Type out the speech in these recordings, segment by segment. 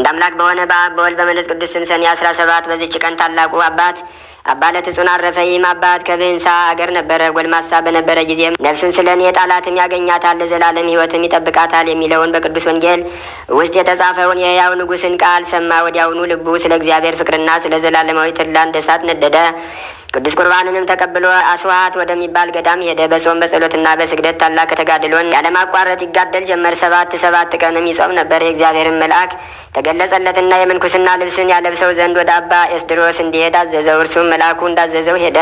እንደ አምላክ በሆነ በአብ በወልድ በመንፈስ ቅዱስ ስም ሰኔ አስራ ሰባት በዚች ቀን ታላቁ አባት አባ ለትጹን አረፈ። ይህም አባት ከብህንሳ አገር ነበረ። ጎልማሳ በነበረ ጊዜም ነፍሱን ስለ እኔ ጣላትም ያገኛታል፣ ለዘላለም ሕይወትም ይጠብቃታል የሚለውን በቅዱስ ወንጌል ውስጥ የተጻፈውን የሕያው ንጉሥን ቃል ሰማ። ወዲያውኑ ልቡ ስለ እግዚአብሔር ፍቅርና ስለ ዘላለማዊ ትላ እንደ እሳት ነደደ። ቅዱስ ቁርባንንም ተቀብሎ አስዋሃት ወደሚባል ገዳም ሄደ። በጾም በጸሎትና በስግደት ታላቅ ተጋድሎን ያለማቋረጥ ይጋደል ጀመር። ሰባት ሰባት ቀንም ይጾም ነበር። የእግዚአብሔርን መልአክ ተገለጸለትና የምንኩስና ልብስን ያለብሰው ዘንድ ወደ አባ ኤስድሮስ እንዲሄድ አዘዘው። እርሱም መልአኩ እንዳዘዘው ሄደ።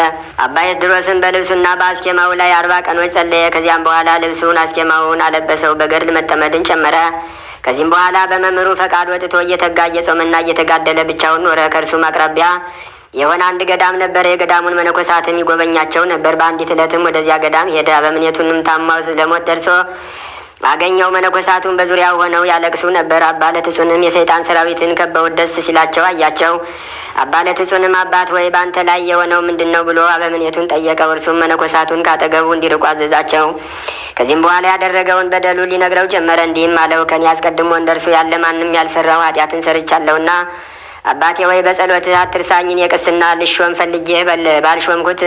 አባ ኤስድሮስን በልብሱና በአስኬማው ላይ አርባ ቀኖች ጸለየ። ከዚያም በኋላ ልብሱን አስኬማውን አለበሰው። በገድል መጠመድን ጨመረ። ከዚህም በኋላ በመምህሩ ፈቃድ ወጥቶ እየተጋ እየጾመና እየተጋደለ ብቻውን ኖረ። ከእርሱም አቅራቢያ የሆነ አንድ ገዳም ነበረ። የገዳሙን መነኮሳት የሚጎበኛቸው ነበር። በአንዲት ዕለትም ወደዚያ ገዳም ሄደ። አበምኔቱንም ታማው ለሞት ደርሶ አገኘው። መነኮሳቱን በዙሪያው ሆነው ያለቅሱ ነበር። አባለትሱንም የሰይጣን ሰራዊትን ከበውት ደስ ሲላቸው አያቸው። አባለትሱንም አባት ወይ በአንተ ላይ የሆነው ምንድን ነው ብሎ አበምኔቱን ጠየቀው። እርሱም መነኮሳቱን ካጠገቡ እንዲርቁ አዘዛቸው። ከዚህም በኋላ ያደረገውን በደሉ ሊነግረው ጀመረ። እንዲህም አለው ከኔ አስቀድሞ እንደርሱ ያለ ማንም ያልሰራው ኃጢአትን ሰርቻለሁና አባቴ ወይ በጸሎት አትርሳኝን የቅስና ልሾም ፈልጌ በል ባልሾምኩት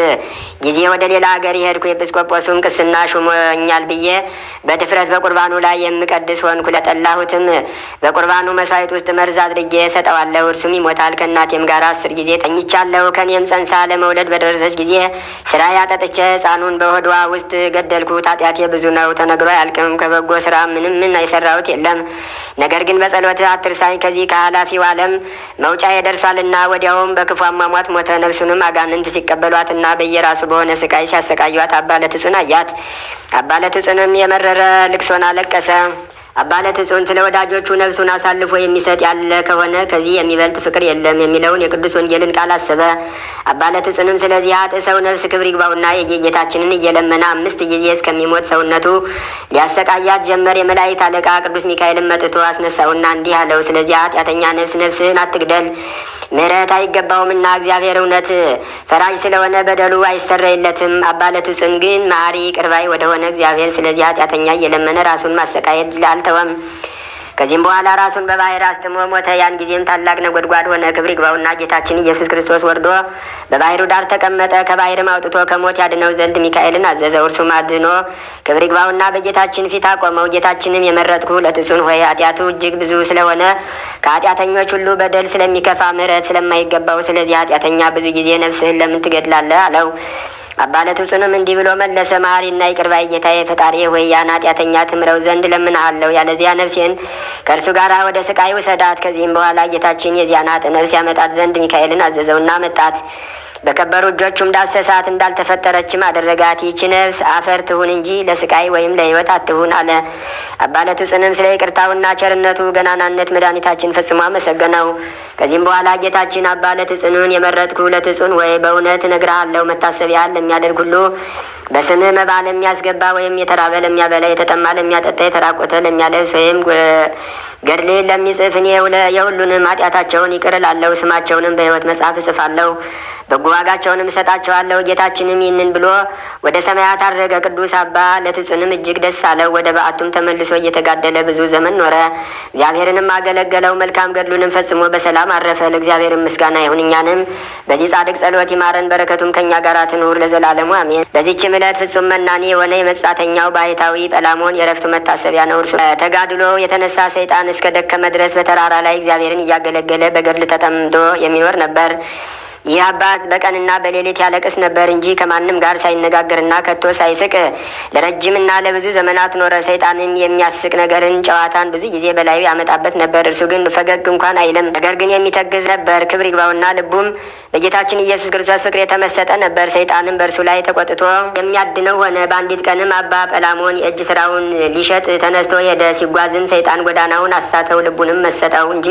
ጊዜ ወደ ሌላ ሀገር የሄድኩ ኤጲስቆጶሱም ቅስና ሹሞኛል ብዬ በድፍረት በቁርባኑ ላይ የምቀድስ ሆንኩ። ለጠላሁትም በቁርባኑ መስዋዕት ውስጥ መርዝ አድርጌ ሰጠዋለሁ። እርሱም ይሞታል። ከእናቴም ጋር አስር ጊዜ ተኝቻለሁ። ከኔም ጸንሳ ለመውለድ በደረሰች ጊዜ ስራ ያጠጥቼ ሕፃኑን በሆዷ ውስጥ ገደልኩ ኃጢአቴ ብዙ ነው፣ ተነግሮ አያልቅም። ከበጎ ስራ ምንም ምን የሰራሁት የለም። ነገር ግን በጸሎት አትርሳኝ ከዚህ ከኃላፊው አለም። መውጫ ይደርሷልና ወዲያውም በክፉ አሟሟት ሞተ። ነፍሱንም አጋንንት ሲቀበሏትና በየራሱ በሆነ ስቃይ ሲያሰቃዩት አባ ለትጹን አያት። አባ የመረረ ልቅሶን አለቀሰ። አባለትጹን ስለ ወዳጆቹ ነፍሱን አሳልፎ የሚሰጥ ያለ ከሆነ ከዚህ የሚበልጥ ፍቅር የለም የሚለውን የቅዱስ ወንጌልን ቃል አሰበ። አባለትጹንም ስለዚህ አጥ ሰው ነፍስ ክብር ይግባውና የጌታችንን እየለመነ አምስት ጊዜ እስከሚሞት ሰውነቱ ሊያሰቃያት ጀመር። የመላእክት አለቃ ቅዱስ ሚካኤልን መጥቶ አስነሳውና እንዲህ አለው፣ ስለዚህ ያተኛ ነፍስ ነፍስህን አትግደል ምሕረት አይገባውምና እግዚአብሔር እውነት ፈራጅ ስለሆነ በደሉ አይሰረይለትም። አባለቱ ጽን ግን መሐሪ ቅርባይ ወደሆነ እግዚአብሔር ስለዚህ ኃጢአተኛ እየለመነ ራሱን ማሰቃየት አልተወም። ከዚህም በኋላ ራሱን በባህር አስጥሞ ሞተ። ያን ጊዜም ታላቅ ነጎድጓድ ሆነ። ክብር ይግባውና ጌታችን ኢየሱስ ክርስቶስ ወርዶ በባህሩ ዳር ተቀመጠ። ከባህርም አውጥቶ ከሞት ያድነው ዘንድ ሚካኤልን አዘዘ እርሱም አድኖ ክብር ይግባውና በጌታችን ፊት አቆመው። ጌታችንም የመረጥኩ ለትጹን ሆይ ኃጢአቱ እጅግ ብዙ ስለሆነ ከኃጢአተኞች ሁሉ በደል ስለሚከፋ ምሕረት ስለማይገባው ስለዚህ ኃጢአተኛ ብዙ ጊዜ ነፍስህን ለምን ትገድላለህ? አለው። አባለ ትጹንም እንዲህ ብሎ መለሰ። መሐሪና ይቅር ባይ ጌታዬ ፈጣሪ ሆይ ያን ኃጢአተኛ ትምረው ዘንድ ለምንሃለሁ። ያለዚያ ነፍሴን ከእርሱ ጋር ወደ ስቃይ ውሰዳት። ከዚህም በኋላ ጌታችን የዚያን ነፍስ ያመጣት ዘንድ ሚካኤልን አዘዘውና መጣት በከበሩ እጆቹም ዳሰሳት፣ እንዳልተፈጠረችም አደረጋት። ይቺ ነፍስ አፈር ትሁን እንጂ ለስቃይ ወይም ለህይወት አትሁን አለ። አባለቱ ጽንም ስለ ይቅርታውና ቸርነቱ ገናናነት መድኃኒታችን ፈጽሞ አመሰገነው። ከዚህም በኋላ ጌታችን አባለት ጽኑን የመረጥኩ ለትጹን ወይ በእውነት ነግረሃለው መታሰቢያ ለሚያደርግ ሁሉ በስምህ መባ ለሚያስገባ ወይም የተራበ ለሚያበላ፣ የተጠማ ለሚያጠጣ፣ የተራቆተ ለሚያለብስ ወይም ገድሌ ለሚጽፍ እኔ የሁሉንም ኃጢአታቸውን ይቅር እላለሁ። ስማቸውንም በሕይወት መጽሐፍ እጽፋለሁ፣ በጎ ዋጋቸውንም እሰጣቸዋለሁ። ጌታችንም ይህንን ብሎ ወደ ሰማያት አረገ። ቅዱስ አባ ለትጹንም እጅግ ደስ አለው። ወደ በዓቱም ተመልሶ እየተጋደለ ብዙ ዘመን ኖረ። እግዚአብሔርንም አገለገለው። መልካም ገድሉንም ፈጽሞ በሰላም አረፈ። ለእግዚአብሔርም ምስጋና ይሁን። እኛንም በዚህ ጻድቅ ጸሎት ይማረን፣ በረከቱም ከእኛ ጋራ ትኑር ለዘላለሙ አሜን። በዚችም ዕለት ፍጹም መናኔ የሆነ የመጻተኛው ባህታዊ ጰላሞን የረፍቱ መታሰቢያ ነው። እርሱ ተጋድሎ የተነሳ ሰይጣን እስከ ደከመ ድረስ በተራራ ላይ እግዚአብሔርን እያገለገለ በገድል ተጠምዶ የሚኖር ነበር። ይህ አባት በቀንና በሌሊት ያለቅስ ነበር እንጂ ከማንም ጋር ሳይነጋገርና ከቶ ሳይስቅ ለረጅምና ለብዙ ዘመናት ኖረ። ሰይጣንም የሚያስቅ ነገርን፣ ጨዋታን ብዙ ጊዜ በላዩ ያመጣበት ነበር። እርሱ ግን ፈገግ እንኳን አይልም። ነገር ግን የሚተግዝ ነበር። ክብር ይግባውና ልቡም በጌታችን ኢየሱስ ክርስቶስ ፍቅር የተመሰጠ ነበር። ሰይጣንም በእርሱ ላይ ተቆጥቶ የሚያድነው ሆነ። በአንዲት ቀንም አባ ጰላሞን የእጅ ስራውን ሊሸጥ ተነስቶ ሄደ። ሲጓዝም ሰይጣን ጎዳናውን አሳተው፣ ልቡንም መሰጠው እንጂ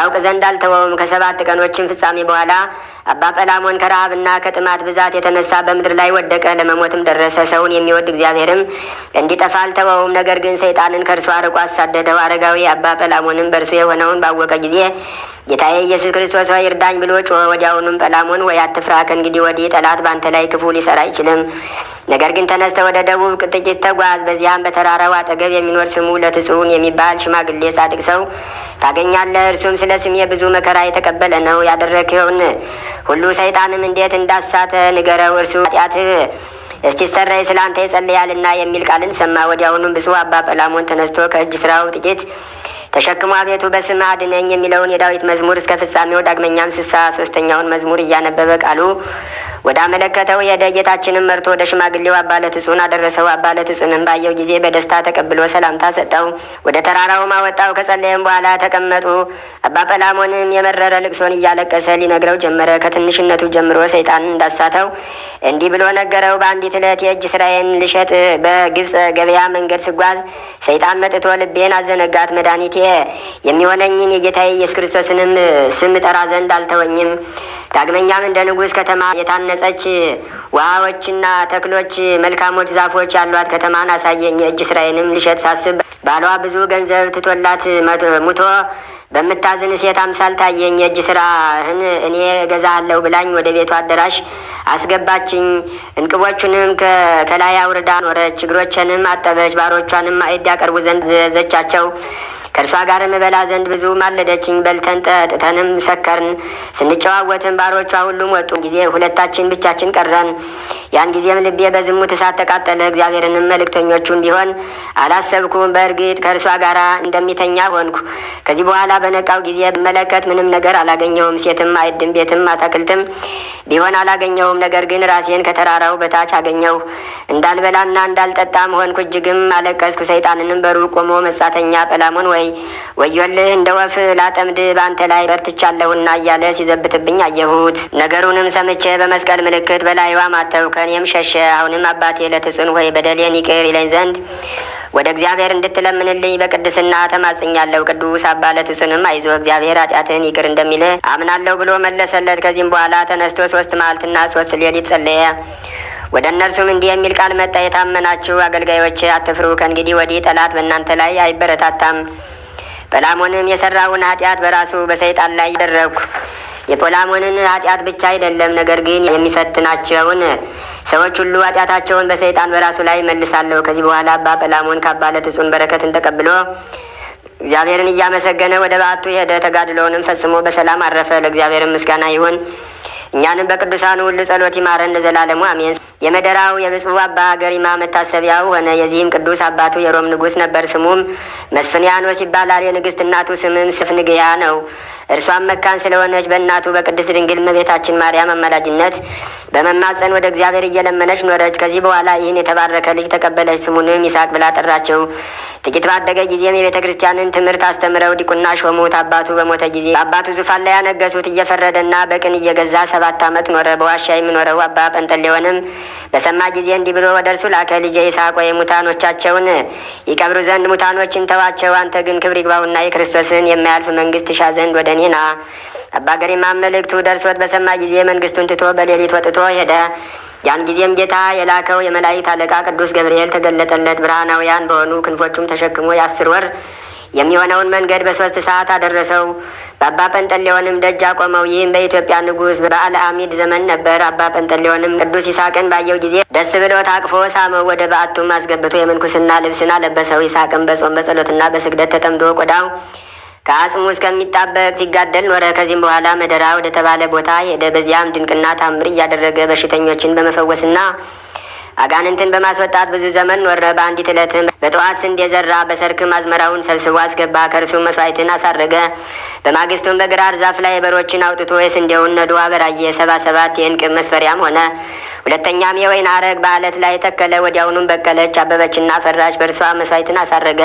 ያውቅ ዘንድ አልተወውም። ከሰባት ቀኖችን ፍጻሜ በኋላ አባ ጰላሞን ከረሃብና ከጥማት ብዛት የተነሳ በምድር ላይ ወደቀ፣ ለመሞትም ደረሰ። ሰውን የሚወድ እግዚአብሔርም እንዲጠፋ አልተወውም፣ ነገር ግን ሰይጣንን ከእርሱ አርቆ አሳደደው። አረጋዊ አባ ጰላሞንም በእርሱ የሆነውን ባወቀ ጊዜ ጌታዬ ኢየሱስ ክርስቶስ ሆይ እርዳኝ ብሎ ጮኸ። ወዲያውኑም ጰላሞን ወይ አትፍራ፣ ከእንግዲህ ወዲህ ጠላት ባንተ ላይ ክፉ ሊሰራ አይችልም ነገር ግን ተነስተ ወደ ደቡብ ጥቂት ተጓዝ። በዚያም በተራራው አጠገብ የሚኖር ስሙ ለትጹን የሚባል ሽማግሌ ጻድቅ ሰው ታገኛለህ። እርሱም ስለ ስሜ ብዙ መከራ የተቀበለ ነው። ያደረግኸውን ሁሉ ሰይጣንም እንዴት እንዳሳተ ንገረው፣ እርሱ ኃጢአትህ እስቲሰረይ ስለ አንተ ይጸልያልና የሚል ቃልን ሰማ። ወዲያውኑም ብፁዕ አባ ጰላሞን ተነስቶ ከእጅ ስራው ጥቂት ተሸክሞ አቤቱ በስም አድነኝ የሚለውን የዳዊት መዝሙር እስከ ፍጻሜው ዳግመኛም ስሳ ሶስተኛውን መዝሙር እያነበበ ቃሉ ወደ አመለከተው የደ ጌታችንም መርቶ ወደ ሽማግሌው አባለትጹን አደረሰው። አባለትጹንም ባየው ጊዜ በደስታ ተቀብሎ ሰላምታ ሰጠው። ወደ ተራራውም አወጣው። ከጸለየም በኋላ ተቀመጡ። አባ ጰላሞንም የመረረ ልቅሶን እያለቀሰ ሊነግረው ጀመረ። ከትንሽነቱ ጀምሮ ሰይጣን እንዳሳተው እንዲህ ብሎ ነገረው። በአንዲት ዕለት የእጅ ስራዬን ልሸጥ በግብፅ ገበያ መንገድ ስጓዝ ሰይጣን መጥቶ ልቤን አዘነጋት። መድኃኒቴ የሚሆነኝን የጌታዬ ኢየሱስ ክርስቶስንም ስም ጠራ ዘንድ አልተወኝም። ዳግመኛም እንደ ንጉሥ ከተማ የታነጸች ውሃዎችና ተክሎች፣ መልካሞች ዛፎች ያሏት ከተማን አሳየኝ። የእጅ ስራዬንም ልሸት ሳስብ ባሏ ብዙ ገንዘብ ትቶላት ሙቶ በምታዝን ሴት አምሳል ታየኝ። የእጅ ስራህን እኔ እገዛለሁ ብላኝ ወደ ቤቷ አዳራሽ አስገባችኝ። እንቅቦቹንም ከላይ አውርዳ ኖረች፣ እግሮቼንም አጠበች። ባሮቿንም ማዕድ ያቀርቡ ዘንድ ዘዘቻቸው። ከእርሷ ጋር እበላ ዘንድ ብዙ ማለደችኝ። በልተን ጠጥተንም ሰከርን። ስንጨዋወትን ባሮቿ ሁሉም ወጡ ጊዜ ሁለታችን ብቻችን ቀረን። ያን ጊዜም ልቤ በዝሙት እሳት ተቃጠለ። እግዚአብሔርንም መልእክተኞቹን ቢሆን አላሰብኩም። በእርግጥ ከእርሷ ጋር እንደሚተኛ ሆንኩ። ከዚህ በኋላ በነቃው ጊዜ መለከት ምንም ነገር አላገኘውም። ሴትም አይድም ቤትም አታክልትም ቢሆን አላገኘውም። ነገር ግን ራሴን ከተራራው በታች አገኘው። እንዳልበላና እንዳልጠጣም ሆንኩ። እጅግም አለቀስኩ። ሰይጣንንም በሩቅ ቆሞ መጻተኛ ጰላሞን ወይ ወዮልህ፣ እንደ ወፍ ላጠምድ በአንተ ላይ በርትቻለሁና እያለ ሲዘብትብኝ አየሁት። ነገሩንም ሰምቼ በመስቀል ምልክት በላይዋ ማተው ከእኔም ሸሸ። አሁንም አባቴ ለትጹን ሆይ በደሌን ይቅር ይለኝ ዘንድ ወደ እግዚአብሔር እንድትለምንልኝ በቅድስና ተማጽኛለሁ። ቅዱስ አባ ለትጹንም አይዞ እግዚአብሔር ኃጢአትን ይቅር እንደሚልህ አምናለሁ ብሎ መለሰለት። ከዚህም በኋላ ተነስቶ ሶስት መዓልትና ሶስት ሌሊት ጸለየ። ወደ እነርሱም እንዲህ የሚል ቃል መጣ። የታመናችሁ አገልጋዮች አትፍሩ። ከእንግዲህ ወዲህ ጠላት በእናንተ ላይ አይበረታታም። በላሞንም የሰራውን ኃጢአት በራሱ በሰይጣን ላይ ያደረግኩ የፖላሞንን ኃጢአት ብቻ አይደለም፣ ነገር ግን የሚፈትናቸውን ሰዎች ሁሉ ኃጢአታቸውን በሰይጣን በራሱ ላይ መልሳለሁ። ከዚህ በኋላ አባ ጰላሞን ከአባ ለትጹን በረከትን ተቀብሎ እግዚአብሔርን እያመሰገነ ወደ በዓቱ ሄደ። ተጋድሎውንም ፈጽሞ በሰላም አረፈ። ለእግዚአብሔርን ምስጋና ይሁን። እኛንም በቅዱሳኑ ሁሉ ጸሎት ይማረን ለዘላለሙ አሜን። የመደራው የብፁዕ አባ ገሪማ መታሰቢያው ሆነ። የዚህም ቅዱስ አባቱ የሮም ንጉሥ ነበር። ስሙም መስፍንያኖስ ይባላል። የንግሥት እናቱ ስምም ስፍንግያ ነው። እርሷም መካን ስለሆነች በእናቱ በቅድስት ድንግል እመቤታችን ማርያም አማላጅነት በመማፀን ወደ እግዚአብሔር እየለመነች ኖረች። ከዚህ በኋላ ይህን የተባረከ ልጅ ተቀበለች። ስሙንም ይስሐቅ ብላ ጠራቸው። ጥቂት ባደገ ጊዜም የቤተ ክርስቲያንን ትምህርት አስተምረው ዲቁና ሾሙት። አባቱ በሞተ ጊዜ አባቱ ዙፋን ላይ ያነገሱት እየፈረደና በቅን እየገዛ ሰባት ዓመት ኖረ። በዋሻ የሚኖረው አባ ጰንጠሌዎንም በሰማ ጊዜ እንዲህ ብሎ ወደ እርሱ ላከ። ልጄ ይስሐቅ ወይ ሙታኖቻቸውን ይቀብሩ ዘንድ ሙታኖችን ተዋቸው፣ አንተ ግን ክብር ይግባውና የክርስቶስን የማያልፍ መንግስት ትሻ ዘንድ ወደ ሚና አባ ገሪማም መልእክቱ ደርሶት በሰማ ጊዜ መንግስቱን ትቶ በሌሊት ወጥቶ ሄደ። ያን ጊዜም ጌታ የላከው የመላእክት አለቃ ቅዱስ ገብርኤል ተገለጠለት። ብርሃናውያን በሆኑ ክንፎቹም ተሸክሞ የአስር ወር የሚሆነውን መንገድ በሶስት ሰዓት አደረሰው። በአባ ጴንጠሌዎንም ደጅ አቆመው። ይህም በኢትዮጵያ ንጉሥ በበዓለ አሚድ ዘመን ነበር። አባ ጴንጠሌዎንም ቅዱስ ይስሐቅን ባየው ጊዜ ደስ ብሎ ታቅፎ ሳመው። ወደ በዓቱም አስገብቶ የምንኩስና ልብስን አለበሰው። ይሳቅን በጾም በጸሎትና በስግደት ተጠምዶ ቆዳው ከአጽሙ እስከሚጣበቅ ሲጋደል ኖረ። ከዚህም በኋላ መደራ ወደ ተባለ ቦታ ሄደ። በዚያም ድንቅና ታምር እያደረገ በሽተኞችን በመፈወስና አጋንንትን በማስወጣት ብዙ ዘመን ኖረ። በአንዲት ዕለትም በጠዋት ስንዴ ዘራ። በሰርክም አዝመራውን ሰብስቦ አስገባ። ከእርሱ መስዋዕትን አሳረገ። በማግስቱም በግራር ዛፍ ላይ በሮችን አውጥቶ የስንዴውን ነዶ አበራየ። ሰባ ሰባት የእንቅብ መስፈሪያም ሆነ። ሁለተኛም የወይን አረግ በአለት ላይ ተከለ። ወዲያውኑም በቀለች፣ አበበችና ፈራች። በእርሷ መስዋዕትን አሳረገ።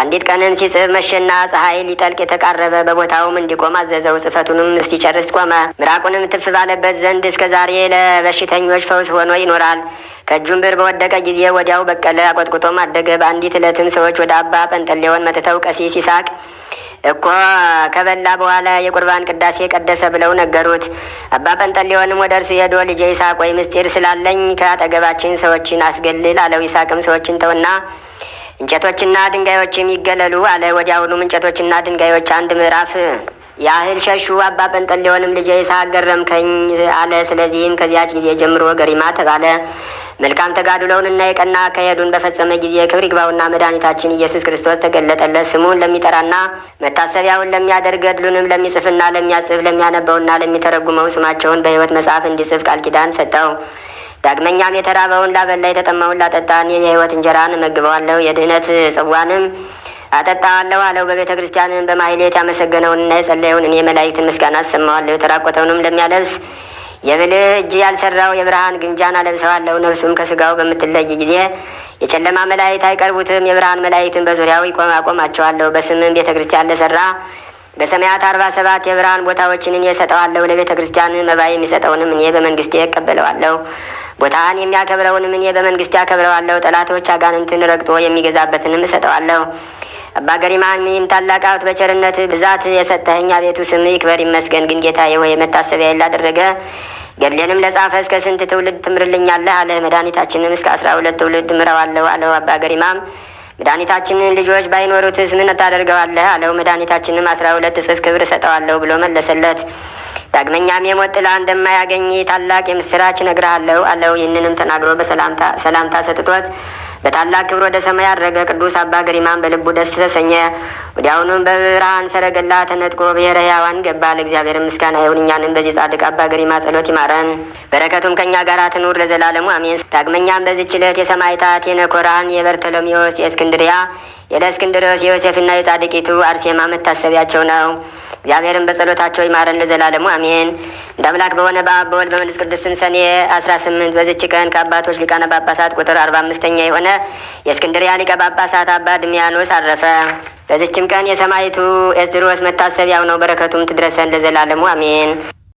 አንዲት ቀንም ሲጽፍ መሸና ፀሐይ ሊጠልቅ የተቃረበ በቦታውም እንዲቆም አዘዘው። ጽፈቱንም እስኪጨርስ ቆመ። ምራቁንም ትፍ ባለበት ዘንድ እስከ ዛሬ ለበሽተኞች ፈውስ ሆኖ ይኖራል። ከእጁም ብር በወደቀ ጊዜ ወዲያው በቀለ፣ አቆጥቁጦም አደገ። በአንዲት ዕለትም ሰዎች ወደ አባ ጰንጠሌዎን መጥተው ቀሲስ ይሳቅ እኮ ከበላ በኋላ የቁርባን ቅዳሴ ቀደሰ ብለው ነገሩት። አባ ጰንጠሌዎንም ወደ እርሱ ሄዶ ልጄ ይሳቅ ወይ ምስጢር ስላለኝ ከአጠገባችን ሰዎችን አስገልል አለው። ይሳቅም ሰዎችን ተውና እንጨቶችና ድንጋዮች የሚገለሉ አለ። ወዲያውኑም እንጨቶችና ድንጋዮች አንድ ምዕራፍ ያህል ሸሹ። አባ ጰንጠሌዎንም ልጄ ይስሐቅ አለ። ስለዚህም ከዚያች ጊዜ ጀምሮ ገሪማ ተባለ። መልካም ተጋድሎውንና የቀና አካሄዱን በፈጸመ ጊዜ ክብር ይግባውና መድኃኒታችን ኢየሱስ ክርስቶስ ተገለጠለት። ስሙን ለሚጠራና መታሰቢያውን ለሚያደርግ ገድሉንም ለሚጽፍና ለሚያጽፍ ለሚያነበውና ለሚተረጉመው ስማቸውን በሕይወት መጽሐፍ እንዲጽፍ ቃል ኪዳን ሰጠው። ዳግመኛም የተራበውን ላበላ፣ የተጠማውን ላጠጣን፣ እኔ እንጀራን መግበዋለሁ የድህነት ጽዋንም አጠጣዋለሁ አለው። በቤተ ክርስቲያንም በማሕሌት ያመሰገነውንና የጸለየውን እኔ መላእክትን ምስጋና አሰማዋለሁ፣ የተራቆተውንም ለሚያለብስ የብልህ እጅ ያልሰራው የብርሃን ግምጃን አለብሰዋለሁ። ነፍሱም ከስጋው በምትለይ ጊዜ የጨለማ መላእክት አይቀርቡትም። የብርሃን መላእክትን በዙሪያው አቆማቸዋለሁ። በስምም ቤተ ክርስቲያን ለሰራ በሰማያት አርባ ሰባት የብርሃን ቦታዎችን እኔ እሰጠዋለሁ። ለቤተ ክርስቲያን መባ የሚሰጠውንም እኔ በመንግስቴ እቀበለዋለሁ። ቦታን የሚያከብረውንም እኔ በመንግስት ያከብረዋለሁ። ጠላቶች አጋንንትን ረግጦ የሚገዛበትንም እሰጠዋለሁ። አባ ገሪማ ይህም ታላቅ ሀብት በቸርነት ብዛት የሰጠኸኝ አቤቱ ስም ይክበር ይመስገን። ግን ጌታ የሆይ መታሰቢያ ያላደረገ ገድሌንም ለጻፈ እስከ ስንት ትውልድ ትምርልኛለህ አለ። መድኃኒታችንም እስከ አስራ ሁለት ትውልድ ምረዋለሁ አለው። አባ ገሪማም መድኃኒታችንን ልጆች ባይኖሩትስ ምን ታደርገዋለህ አለው። መድኃኒታችንም አስራ ሁለት እጽፍ ክብር እሰጠዋለሁ ብሎ መለሰለት። ዳግመኛም የሞት ጥላ እንደማያገኝ ታላቅ የምስራች እነግርሃለሁ አለው። ይህንንም ተናግሮ በሰላምታ ሰጥቶት በታላቅ ክብር ወደ ሰማይ አድረገ። ቅዱስ አባ ገሪማን በልቡ ደስ ተሰኘ። ወዲያውኑም በብርሃን ሰረገላ ተነጥቆ ብሔረ ሕያዋን ገባ። ለእግዚአብሔር ምስጋና ይሁን፣ እኛንም በዚህ ጻድቅ አባ ገሪማ ጸሎት ይማረን፣ በረከቱም ከእኛ ጋር ትኑር ለዘላለሙ አሜን። ዳግመኛም በዚች ዕለት የሰማዕታት የነኮራን፣ የበርተሎሜዎስ፣ የእስክንድሪያ፣ የለእስክንድሮስ፣ የዮሴፍና የጻድቂቱ አርሴማ መታሰቢያቸው ነው። እግዚአብሔርን በጸሎታቸው ይማረን ለዘላለሙ አሜን። እንደ አምላክ በሆነ በአብ በወልድ በመንፈስ ቅዱስ ስም ሰኔ 18 በዚች ቀን ከአባቶች ሊቃነ ጳጳሳት ቁጥር 45ኛ የሆነ የእስክንድሪያ ሊቀ ጳጳሳት አባ ድሚያኖስ አረፈ። በዚችም ቀን የሰማይቱ ኤስድሮስ መታሰቢያው ነው። በረከቱም ትድረሰን ለዘላለሙ አሜን።